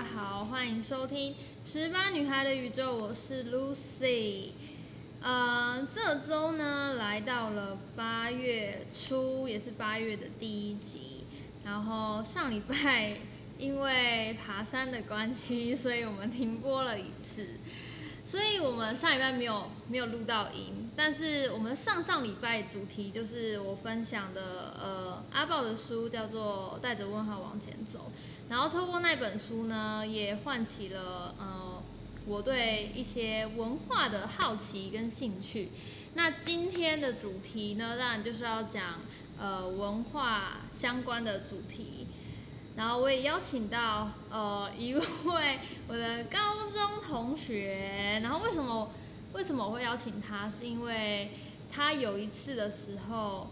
大家好，歡迎收聽《十八女孩的宇宙》，我是 Lucy。呃，這周呢來到了八月初，也是八月的第一集。然後上禮拜因為爬山的關係，所以我們停播了一次。我們上禮拜沒有沒有錄到音，但是我們上上禮拜主題就是我分享的，呃，阿豹的書叫做《帶着問號往前走》，然後透過那本書呢，也喚起了呃我對一些文化的好奇跟興趣。那今天的主題呢，當然就是要講呃文化相關的主題。然後我也邀請到呃一位我的高中同學，然後為什麼為什麼我會邀請他？是因為他有一次的時候，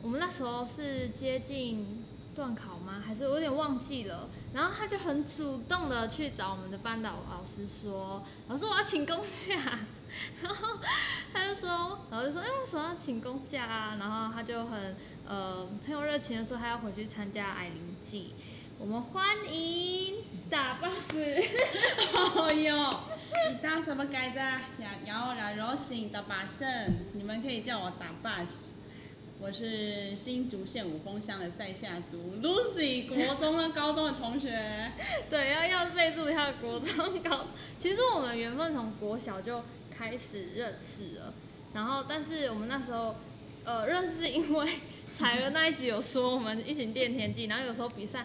我們那時候是接近段考嗎？還是我有點忘記了？然後他就很主動的去找我們的班導老師說：“老師，我要請公假。”然後他就說：“老師說，哎，為什麼要請公假啊？”然後他就很。呃，很有熱情的說，他要回去參加矮靈祭。我們歡迎打 boss，哎呦，你打什麼該子？然後讓 r o s 把你們可以叫我打 boss。我是新竹縣五峰鄉的賽夏族 Lucy 國中的高中的同學。 對，要要備注一下國中高中。其實我們緣分從國小就開始認識了，然後但是我們那時候。呃，認識是因為彩兒那一集有說我們一起練田徑，然後有時候比賽，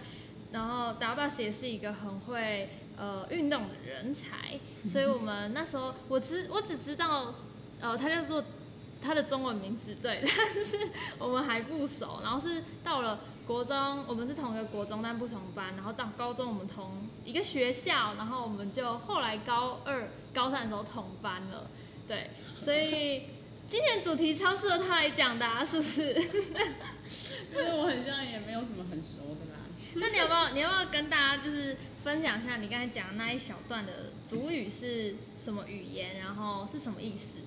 然後達巴斯也是一個很會呃運動的人才，所以我們那時候我只我只知道呃他叫做他的中文名字，對，但是我們還不熟。然後是到了國中，我們是同一個國中但不同班，然後到高中我們同一個學校，然後我們就後來高二高三的時候同班了，對，所以。 今天主題超適合他來講的、啊，是不是？ 但是我很像也沒有什麼很熟的啦、啊。 那你有沒有，你要不要跟大家就是分享一下你剛才講的那一小段的主語是什麼語言， 然後是什麼意思？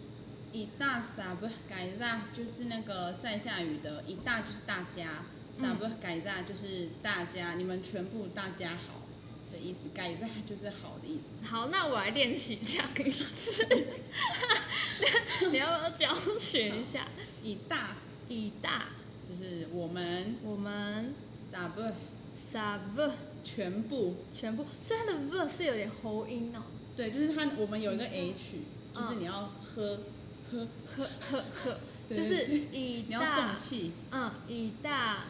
以大撒不是改大，就是那個賽夏語的。一大就是大家，撒不是改大、嗯、就是大家，你們全部大家好。意思，改一就是好的意思。好，那我來練習一下。你要不要教學一下？以大以大，就是我們我們三全部全部。所以它的 v 是有點喉音哦。對，就是它。我們有一個 h，就是你要喝喝喝喝喝，就是以大你要送氣。嗯，以大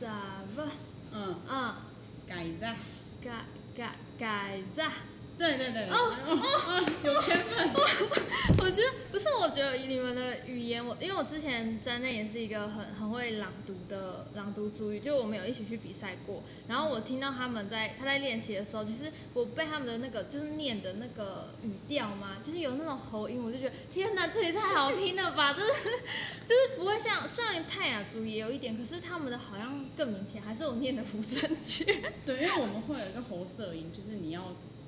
三 a 嗯嗯改一改改造，對對對，哦哦，有天分。我覺得不是，我覺得以你們的語言，我因為我之前在那也是一個很很會朗讀的朗讀族語，就我們有一起去比賽過。然後我聽到他們在他在練習的時候，其實我被他們的那個就是念的那個語調嘛，就是有那種喉音，我就覺得天哪，這也太好聽了吧，就是。就是不會像雖然泰雅族也有一點，可是他們的好像更明顯，還是我念的不正確？對，因為我們會有一個喉塞音，就是你要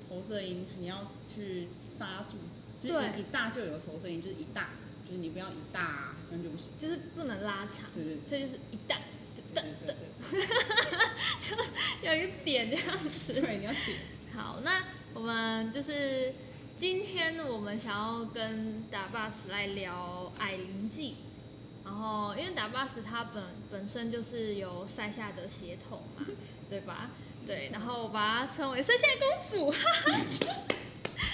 喉塞音，你要去剎住，就是一，對一大就有喉塞音，就是一大，就是你不要一大，那就不行，就是不能拉長。對，對對，這就是一大，就等。噠，哈哈哈哈哈，有一個點這樣子。對，你要點。好，那我們就是今天我們想要跟大 boss 來聊矮靈祭。然後，因為達巴斯他本本身就是有賽夏的血統嘛，對吧？對，然後我把它稱為賽夏公主，哈哈。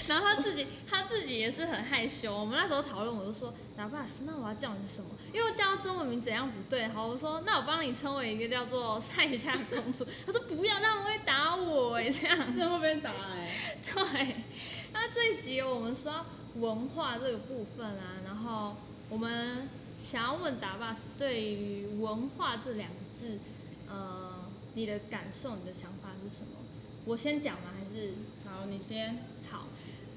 然後他自己他自己也是很害羞。我們那時候討論，我就說達巴斯，那我要叫你什麼？因為我叫他中文名怎樣不對，好，我說那我幫你稱為一個叫做賽夏公主。他說不要，那他會打我哎，這樣真會打哎、欸。對，那這一集我們說文化這個部分啊，然後我們。想要問達巴斯對於“文化”這兩個字，呃，你的感受、你的想法是什麼？我先講嗎？還是？好，你先。好，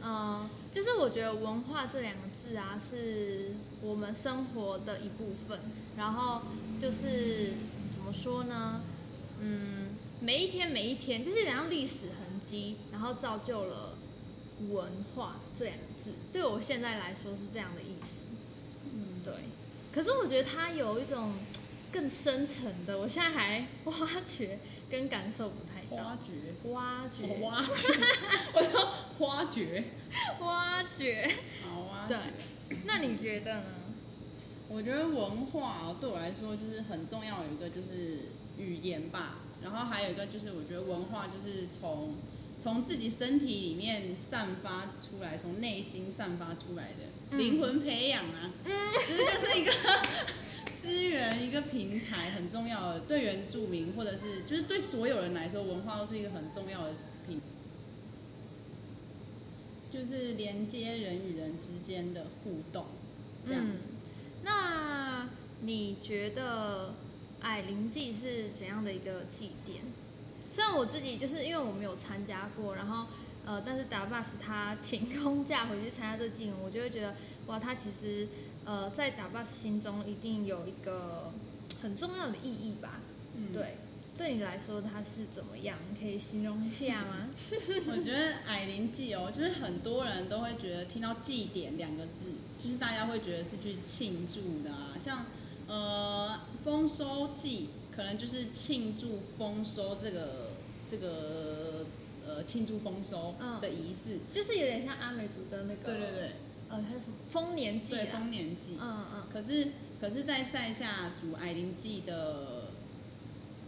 嗯、呃，就是我覺得“文化”這兩個字啊，是我們生活的一部分。然後就是怎麼說呢？嗯，每一天、每一天，就是兩樣歷史痕跡，然後造就了“文化”這兩個字。對我現在來說是這樣的意思。嗯，對。可是我覺得它有一種更深層的，我現在還挖掘跟感受不太一樣。絕挖掘，挖掘， 我說挖掘，對挖掘，好挖掘。那你覺得呢？我覺得文化對我來說就是很重要，有一個，就是語言吧。然後還有一個就是，我覺得文化就是從。從自己身體裡面散發出來，從內心散發出來的靈魂培養啊，嗯、其實就是一個資源， 一個平台，很重要的。對原住民，或者是就是對所有人來說，文化都是一個很重要的品，就是連接人與人之間的互動。這樣，嗯、那你覺得矮靈祭是怎樣的一個祭典？雖然我自己就是因為我沒有參加過，然後呃，但是達巴斯他請公假回去參加這個節目，我就會覺得哇，他其實呃在達巴斯心中一定有一個很重要的意義吧？嗯、對，對你來說他是怎麼樣？可以形容一下嗎？ 我覺得矮靈祭哦，就是很多人都會覺得聽到祭典兩個字，就是大家會覺得是去慶祝的，啊，像呃豐收祭。可能就是慶祝豐收這個這個呃慶祝豐收的儀式、哦，就是有點像阿美族的那個。對對對，呃、哦，叫什麼？豐年祭對，豐年祭。嗯嗯。可是，可是在賽夏族矮靈祭的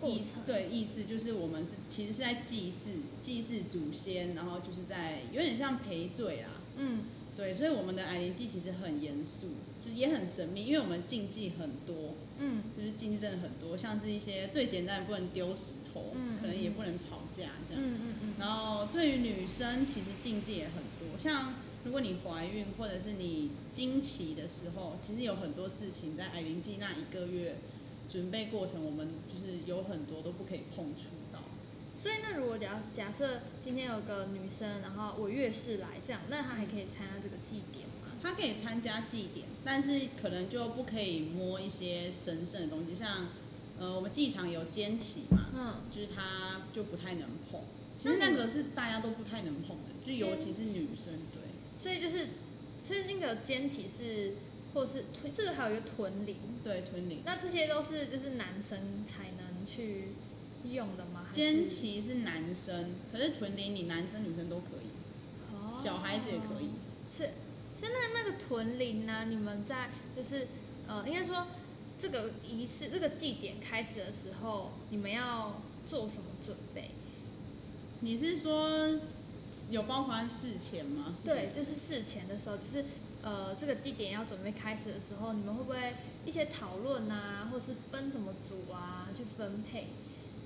意思對意思，程意思就是我們是其實是在祭祀祭祀祖先，然後就是在有點像賠罪啦。嗯。對，所以我們的矮靈祭其實很嚴肅。就也很神秘，因為我們禁忌很多，嗯，就是禁忌真的很多，像是一些最簡單不能丟石頭，嗯，嗯可能也不能吵架這樣，嗯嗯嗯。嗯嗯然後對於女生，其實禁忌也很多，像如果你懷孕或者是你經期的時候，其實有很多事情在矮靈祭那一個月準備過程，我們就是有很多都不可以碰觸到。所以那如果假假設今天有個女生，然後我月事來這樣，那她還可以參加這個祭典？他可以參加祭典，但是可能就不可以摸一些神聖的東西，像，呃，我們祭場有肩旗嘛，嗯，就是他就不太能碰。其實那個是大家都不太能碰的，就尤其是女生對。所以就是，所以那個肩旗是，或是這個還有一個臀鈴。對，臀鈴。那這些都是就是男生才能去用的嗎？肩旗是男生，可是臀鈴你男生女生都可以，哦、小孩子也可以，哦、是。在那那個臀鈴呢？啊，你們在就是呃，應該說這個儀式，這個祭典開始的時候，你們要做什麼準備？你是說有包含事前嗎？對，就是事前的時候，就是呃，這個祭典要準備開始的時候，你們會不會一些討論啊，或是分什麼組啊，去分配？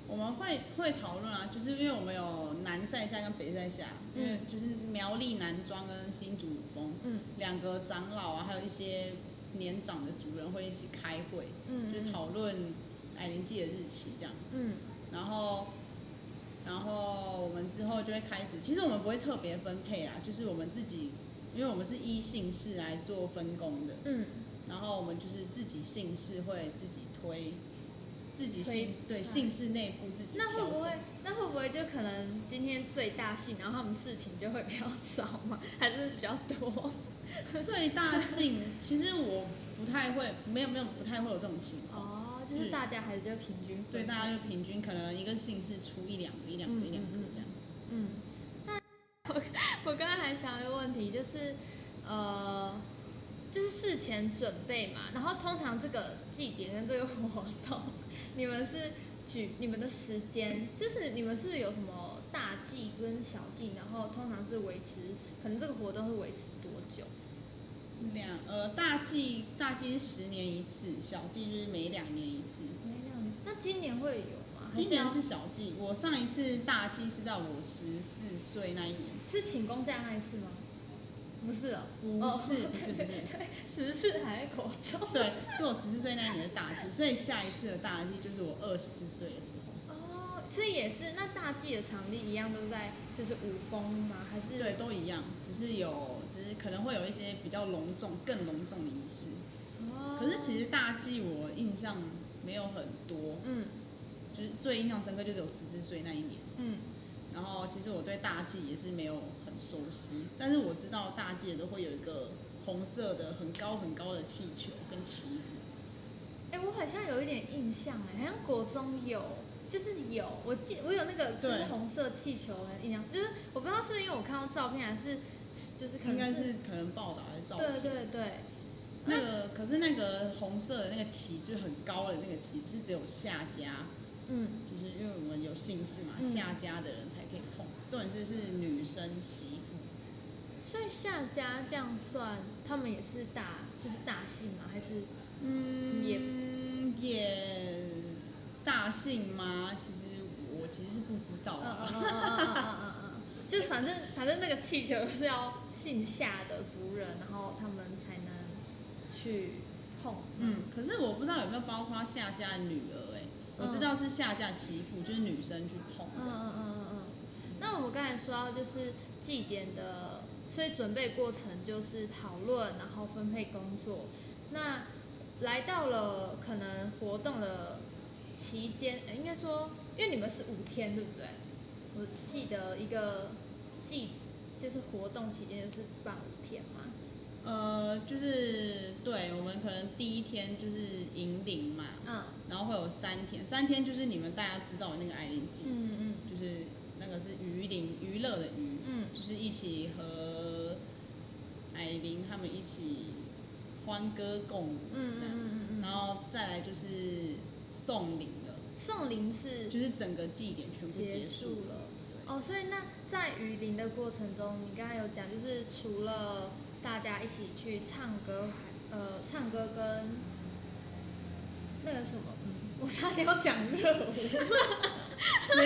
我們會會討論啊，就是因為我們有南賽夏跟北賽夏，嗯、因為就是苗栗南莊跟五峰，嗯、兩個長老啊，還有一些年長的族人會一起開會，嗯、就是討論矮靈祭的日期這樣，嗯、然後然後我們之後就會開始，其實我們不會特別分配啊，就是我們自己，因為我們是依姓氏來做分工的，嗯、然後我們就是自己姓氏會自己推。自己姓大對，姓氏內部自己，那會不會那會不會就可能今天最大姓，然後他們事情就會比較少嘛，還是比較多？最大姓 其實我不太會，沒有沒有，不太會有這種情況哦，就是大家還是就平均，是對，大家就平均，可能一個姓氏出一兩個一兩個、嗯、一兩個這樣。嗯，那我，我剛剛還想一個問題就是，呃。就是事前準備嘛，然後通常這個祭典跟這個活動，你們是舉你們的時間，就是你們是不是有什麼大祭跟小祭？然後通常是維持，可能這個活動是維持多久？兩呃大祭大祭十年一次，小祭就是每兩年一次。每兩年？那今年會有嗎？今年是小祭，我上一次大祭是在我十四歲那一年，是請公假那一次嗎？不是哦，不是，oh, 不是，對對對不是，十四還口罩，對，是我十四歲那年的大祭， 所以下一次的大祭就是我二十四歲的時候。哦，oh, 所以也是，那大祭的場地一樣都在，就是五峰嗎？還是……對，都一樣，只是有，只是可能會有一些比較隆重、更隆重的儀式。哦，oh. 可是其實大祭我印象沒有很多，嗯，就是最印象深刻就是我十四歲那一年，嗯，然後其實我對大祭也是沒有。熟悉，但是我知道大街都會有一個紅色的很高很高的氣球跟旗子。哎、欸，我好像有一點印象哎、欸，好像國中有，就是有，我記我有那個朱紅色氣球的印象，對就是我不知道是，不是因為我看到照片還是就是，是應該是可能報道還是照片。對對對。那個、嗯、可是那個紅色的那個旗，就是很高的那個旗，是只有夏家，嗯，就是因為我們有姓氏嘛，夏、嗯、家的人。重點是是女生媳婦，所以夏家這樣算，他們也是大就是大姓嗎？還是嗯也也,也,也大姓嗎？其實我, 我其實是不知道，啊哈哈，嗯，就是反正反正那個氣球是要姓夏的族人，然後他們才能去碰，嗯，可是我不知道有沒有包括夏家的女兒，哎，我知道是夏家媳婦，嗯，就是女生去碰的、嗯。嗯那我剛才說到，就是祭典的，所以準備過程就是討論，然後分配工作。那來到了可能活動的期間，應該說，因為你們是五天，對不對？我記得一個祭就是活動期間就是辦五天嘛。呃，就是對，我們可能第一天就是迎賓嘛，嗯，然後會有三天，三天就是你們大家知道的那個矮靈祭，嗯嗯，就是。那個是娛靈，娛樂的娛，嗯，嗯，就是一起和矮靈他們一起歡歌共舞，嗯，嗯，嗯樣然後再來就是送靈了。送靈是就是整個祭典全部結束了，哦，所以那在娛靈的過程中，你剛才有講，就是除了大家一起去唱歌，還呃唱歌跟，嗯、那個什麼，嗯，我差點要講樂 沒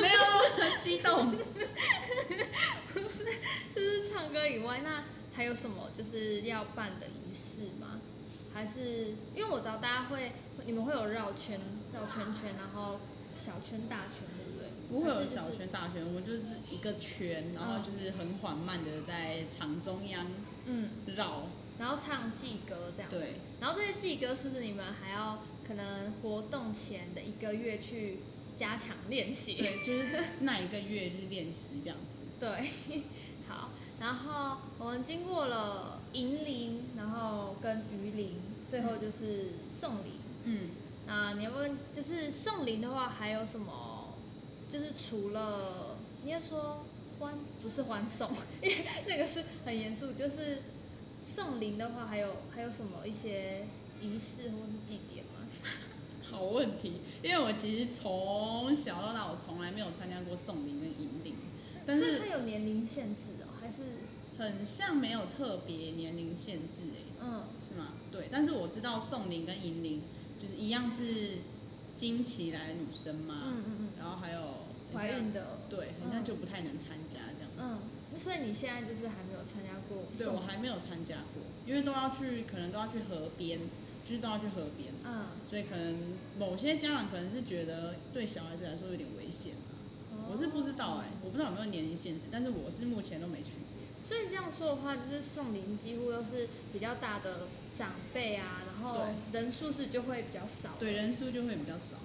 沒有很激動，不是，就是唱歌以外，那還有什麼就是要辦的儀式嗎？還是因為我知道大家會，你們會有繞圈繞圈圈，然後小圈大圈，對不對？是就是、不會有小圈大圈，我們就是一個圈，然後就是很緩慢的在場中央嗯繞，嗯繞然後唱祭歌這樣對，然後這些祭歌是不是你們還要可能活動前的一個月去。加強練習，對，就是那一個月就是練習這樣子。 對，好，然後我們經過了迎靈，然後跟娛靈，最後就是送靈。嗯，那你要問就是送靈的話，還有什麼？就是除了你要說歡，不是歡送， 那個是很嚴肅。就是送靈的話，還有還有什麼一些儀式或是祭典嗎？好問題，因為我其實從小到大我從來沒有參加過送靈跟迎靈，但是它有年齡限制哦，還是很像沒有特別年齡限制誒、欸。嗯，是嗎？對，但是我知道送靈跟迎靈就是一樣是經期來女生嘛，嗯嗯嗯，嗯嗯，然後還有懷孕的，對，好像就不太能參加這樣子，嗯，嗯，所以你現在就是還沒有參加過林林，對，我還沒有參加過。因為都要去，可能都要去河邊，就是都要去河邊，嗯，所以可能某些家長可能是覺得對小孩子來說有點危險，啊，哦、我是不知道哎、欸，我不知道有沒有年齡限制，但是我是目前都沒去。所以這樣說的話，就是送禮幾乎都是比較大的長輩啊，然後人數是就會比較少對，對，人數就會比較少。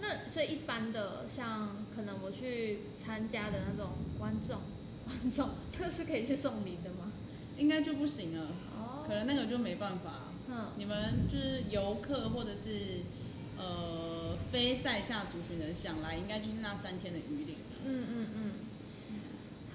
那所以一般的像可能我去參加的那種觀眾，觀眾，那是可以去送禮的嗎？應該就不行了。可能那個就沒辦法。嗯，你們就是遊客或者是呃非賽夏族群人想來，應該就是那三天的娛靈、嗯。嗯嗯嗯。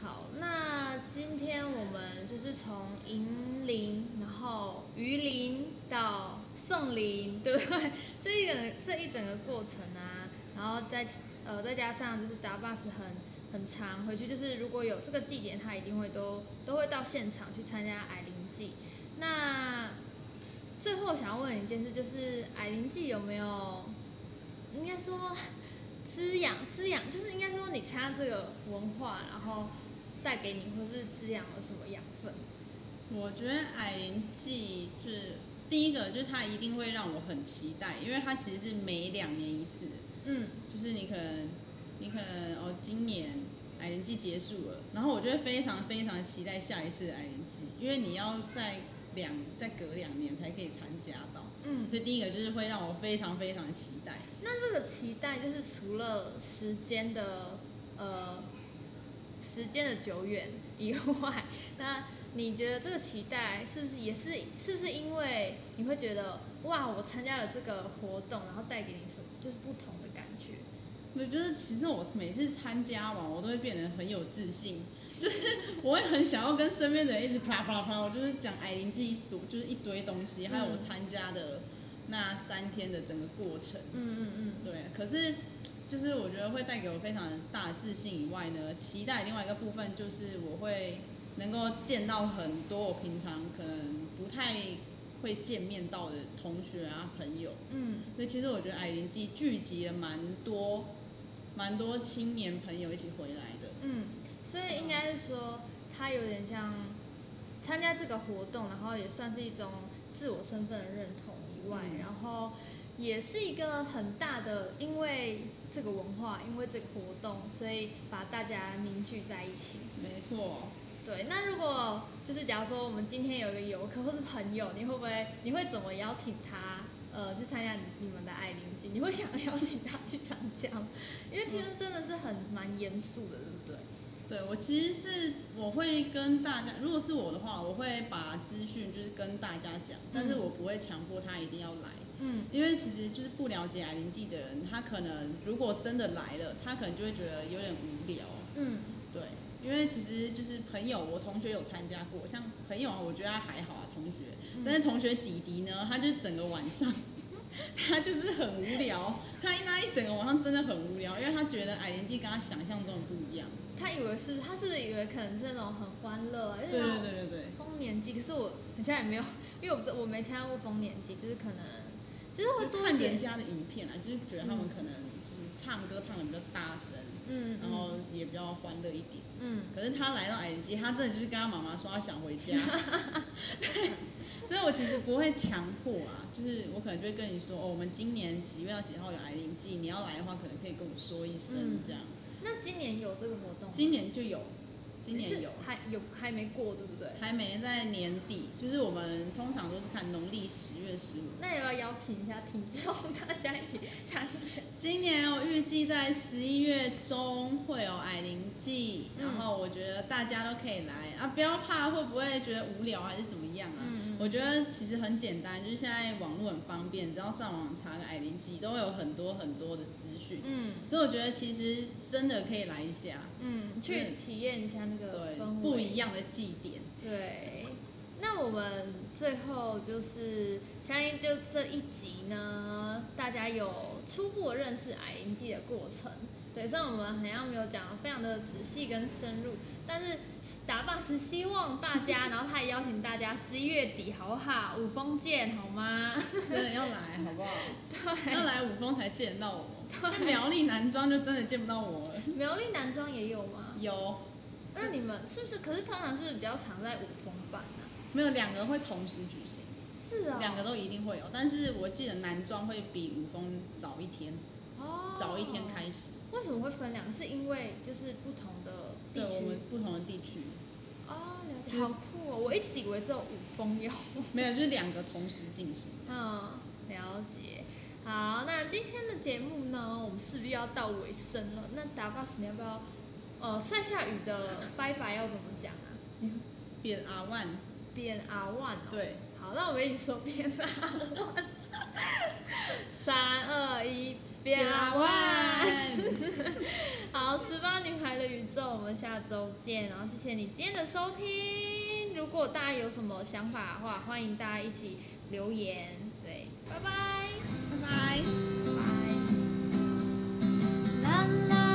好，那今天我們就是從迎靈然後娛靈到送靈對不對？這一個這一整個過程啊，然後再呃再加上就是搭巴士很很長回去，就是如果有這個祭典，他一定會都都會到現場去參加矮靈祭。那最後想要問你一件事，就是矮靈祭有沒有，應該說滋養滋養，就是應該說你參加這個文化，然後帶給你或是滋養了什麼養分？我覺得矮靈祭就是第一個，就是它一定會讓我很期待，因為它其實是每兩年一次。嗯，就是你可能你可能哦，今年矮靈祭結束了，然後我就會非常非常期待下一次的矮靈祭，因為你要在。兩再隔兩年才可以參加到，嗯，所以第一個就是會讓我非常非常期待。那這個期待就是除了時間的呃時間的久遠以外，那你覺得這個期待是不是也是是不是因為你會覺得哇，我參加了這個活動，然後帶給你什麼就是不同的感覺？我覺得其實我每次參加完，我都會變得很有自信。就是我會很想要跟身邊的人一直啪啪啪，啪，我就是講矮靈祭儀式，就是一堆東西，嗯、還有我參加的那三天的整個過程，嗯嗯嗯，嗯嗯對。可是就是我覺得會帶給我非常大的自信以外呢，期待另外一個部分就是我會能夠見到很多我平常可能不太會見面到的同學啊朋友，嗯。所以其實我覺得矮靈祭其實聚集了蠻多蠻多青年朋友一起回來的，嗯。所以應該是說，他有點像參加這個活動，然後也算是一種自我身份的認同以外，嗯、然後也是一個很大的，因為這個文化，因為這個活動，所以把大家凝聚在一起。沒錯。對，那如果就是假如說我們今天有一個遊客或者朋友，你會不會？你會怎麼邀請他？呃，去參加你，你們的矮靈祭？你會想要邀請他去參加？因為其實真的是很，嗯、蠻嚴肅的人。對我其實是我會跟大家，如果是我的話，我會把資訊就是跟大家講，但是我不會強迫他一定要來，嗯，因為其實就是不了解矮靈祭的人，他可能如果真的來了，他可能就會覺得有點無聊，嗯，對，因為其實就是朋友，我同學有參加過，像朋友我覺得他還好啊，同學，但是同學弟弟呢，他就整個晚上。 他就是很無聊，他那一整個晚上真的很無聊，因為他覺得矮靈祭跟他想象中的不一樣。他以為是，他是，是以為可能是那種很歡樂，啊，對對對對對，豐年祭。可是我好像也沒有，因為我我沒參加過豐年祭，就是可能就是會多一點看人家的影片啊，就是覺得他們可能，嗯。唱歌唱得比較大聲，嗯，嗯，然後也比較歡樂一點，嗯。可是他來到矮靈祭，他真的就是跟他媽媽說他想回家，哈哈哈。所以，我其實不會強迫啊，就是我可能就會跟你說，哦，我們今年幾月到幾號有矮靈祭，你要來的話，可能可以跟我說一聲，這樣，嗯。那今年有這個活動嗎？今年就有。今年有，還有還沒過，對不對？還沒，在年底，就是我們通常都是看農曆十月十五。那也要邀請一下聽眾，大家一起參加。今年我預計在十一月中會有矮靈祭，然後我覺得大家都可以來、嗯、啊，不要怕會不會覺得無聊還是怎麼樣啊。嗯我覺得其實很簡單，就是現在網絡很方便，只要上網查個矮靈 g 都會有很多很多的資訊。嗯，所以我覺得其實真的可以來一下，嗯，去體驗一下那個對不一樣的祭典。對，那我們最後就是相信就這一集呢，大家有初步認識矮靈 g 的過程。對，雖然我們好像沒有講的非常的仔細跟深入。但是打爸是希望大家，然後他也邀請大家十一月底，好不好？五峰見，好嗎？真的要來，好不好？對要來五峰才見得到我。在對苗栗南莊就真的見不到我了。苗栗南莊也有嗎？有。那你們是不是？可是通常是比較常在五峰辦啊？沒有，兩個會同時舉行。是啊、哦，兩個都一定會有。但是我記得南莊會比五峰早一天哦，早一天開始。為什麼會分兩個？是因為就是不同的。對，我們不同的地區。哦，了解，好酷哦！我一直以為只有五峰有。沒有，就是兩個同時進行。嗯，了解。好，那今天的節目呢，我們勢必要到尾聲了。那打發什麼你要不要？呃，賽夏語的拜拜要怎麼講啊？變阿萬。變阿萬。哦、對。好，那我們一起說扁，變阿萬。三二一，變阿萬。好，十八女孩的宇宙，我們下周見。然後謝謝你今天的收聽，如果大家有什麼想法的話，歡迎大家一起留言。對，拜拜，拜拜，拜。啦啦。